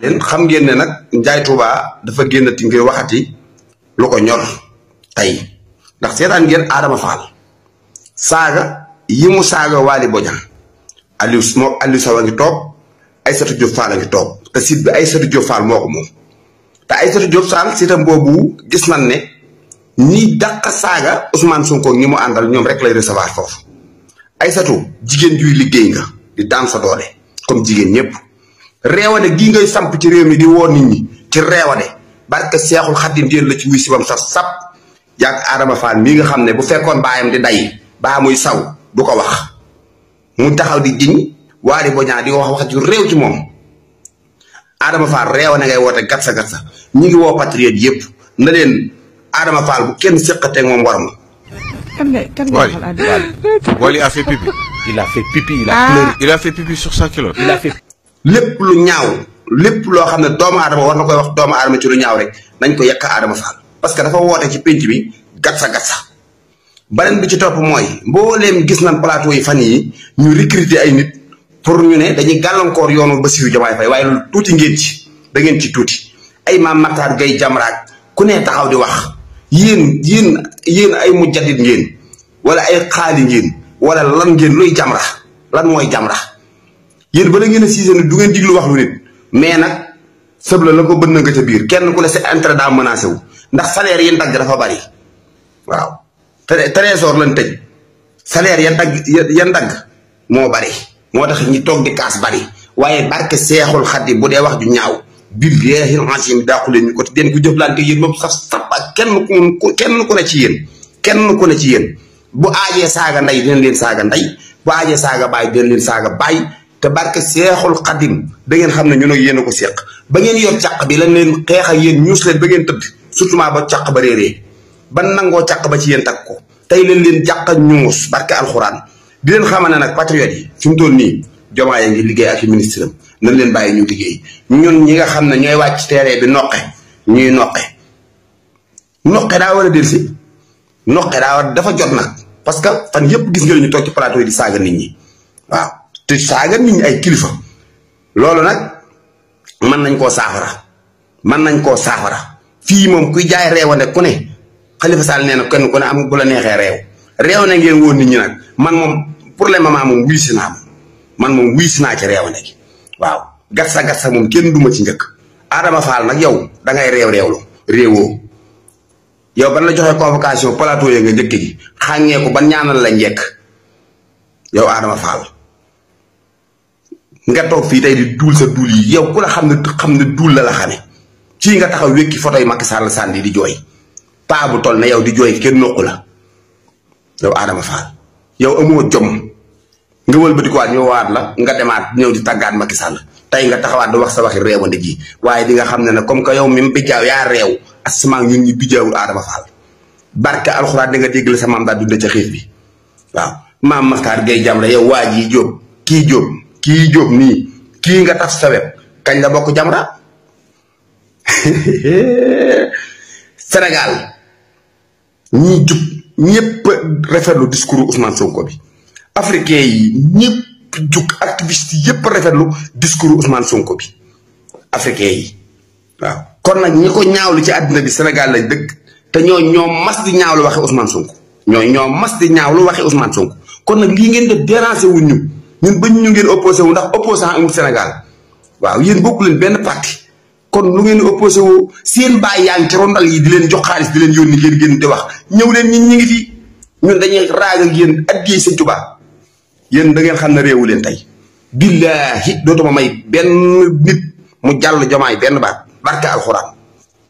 leen xam ngeen ne nag Ndiaye Touba dafa génnati ngir waxati lu ko ñor tey ndax seetaan ngeen Adama Fall saaga yi mu saaga Waly Bodian Aliou moom Aliou a ngi toog ay satu Fall a ngi toog te site ay Aïssatou Diop Fall moo ko moom te Aïssatou Diop Fall sitam boobu gis nañ ne ñi dàq saaga Ousmane Sonko ñi mu àndal ñoom rek lay recevoir foofu satu jigéen juy liggéey nga di daan sa comme jigéen ñëpp. rewane gi ngay samp ci rew mi di wo nit ñi ci rewane barke cheikhul khadim jël la ci wuy sibam sa sap yak adama faan mi nga xamne bu fekkon bayam di day ba muy saw du ko wax mu taxaw di jign waari boña di wax wax ju rew ci mom adama fall rewane ngay woote gatsa gatsa ñi ngi wo patriote yépp na len adama fall bu kenn séqatee moom war kan kan ma Wally a fait pipi. Il a fait pipi, il a ah. pleuré. Il a fait pipi sur sa culotte. Il a fait lépp lu ñaaw lépp loo xam ne doomu aadama war na koy wax doomu aadama ci lu ñaaw rek nañ ko yekk adama faal parce que dafa woote ci pénc bi gatsa gatsa beneen bi ci topp mooy mbooleem gis nañ plateau yi fan yi ñu recruter ay nit pour ñu ne dañuy gàllankoor yoonu Bassirou Diomaye Faye waaye loolu tuuti ngeen ci dangeen ci tuuti ay maam gay Gueye Jamraak ku ne taxaw di wax yéen yéen yéen ay mujjadit ngeen wala ay xaali ngeen wala lan ngeen luy jamra lan mooy jamra yéen ba la ngeen a du ngeen diglu wax lu nit mais nag sëbla la ko bën na nga ca biir kenn ku ne sa entre daa menacé wu ndax salaire yi dagg dafa bari waaw trésor lañ tëj salaire ya dagg ya dagg moo bari moo tax ñi toog di kaas bari waaye barke seexul xaddi bu dee wax ju ñaaw billahi alazim daaxuleen ñu ko te den ko jëflante yéen moom saf sap ak kenn ku kenn ku ne ci yéen kenn ku ne ci yéen bu aajee saaga ndey dinañ leen saaga ndey bu aajee saaga baay dinañ leen te barke seexul xadim da ngeen xam ne ñun ak yéen a ko seq ba ngeen yor càq bi lañ leen xeex ak yéen ñuus leen ba ngeen tëdd surtout ba càq ba réeree ba nangoo caq ba ci yéen takk ko tey leen leen jàq ak ñuus barke alxuraan di leen xamal ne nag patriote yi fi mu toll nii jomaa ya ngi liggéey ak i ministre am nañ leen bàyyi ñu liggéey ñun ñi nga xam ne ñooy wàcc terrain bi noqe ñuy noqe noqe daa war a si noqe daa war dafa jot nag parce que fan yëpp gis nga ñu toog ci plateau yi di saaga nit ñi te saga nit ñi ay kilifa loolu nak man nañ ko saafara man nañ ko saafara fi mom kuy jaay ne ku ne khalifa Sall neena ken ku ne am bu la nexe rew rew na ngeen woon nit ñi nak man mom problème ma mom wuyu man mom wuyu ci rew ne waaw gatsa gatsa mom kenn duma ci njëkk Adama Fall nak yow da ngay rew lu rewo yow ban la joxe convocation plateau ya nga njëkk gi ko ban ñaanal la yow Adama Fall nga tok fi tay di dul sa dul yi yow kula xamne xamne dul la la xane ci nga taxaw wekki fotay yi Macky Sall sandi di joy pa bu tol na yow di joy ken nokku la yow adama fa yow amo jom nga wëlbati ko ñu wat la nga demat ñew di tagat Macky Sall tay nga taxawat du wax sa waxi rew ji waye di nga xamne ne comme que yow mim bijaaw ya rew asma ñun ñi bijaawul aadama faal barke alxuraan di nga déggal sa maam dund ci xef bi waaw mam maxtaar gay jam la yow waji job ki job kii jóob nii kii nga taf sa kañ la bokk jamra Sénégal ñi jub ñëpp rafetlu discours Ousmane Sonko bi africain yi ñëpp jug activiste yëpp rafetlu discours Ousmane Sonko bi africain yi waaw kon nag ñi ko ñaawlu ci àddina bi Sénégal lañ dëkk te ñoo ñoo mas di ñaawlu waxe Ousmane Sonko ñoo ñoo mas di ñaawlu waxe Ousmane Sonko kon nag lii ngeen def déranger ñun bañ ñu ngeen opposé wu ndax opposant amul Sénégal waaw yéen bokku benn parti kon lu ngeen opposé wu seen baay yaa ngi ci rondal di leen jox xaalis di leen yónni ngeen génn di wax ñëw leen ñun ñu ngi fi ñun dañuy raag ak yéen addiyee sëñ Tuubaa yéen da ngeen xam ne réewu leen tey billaahi dootuma may benn nit mu jàll jamaay benn baat barke alxuraan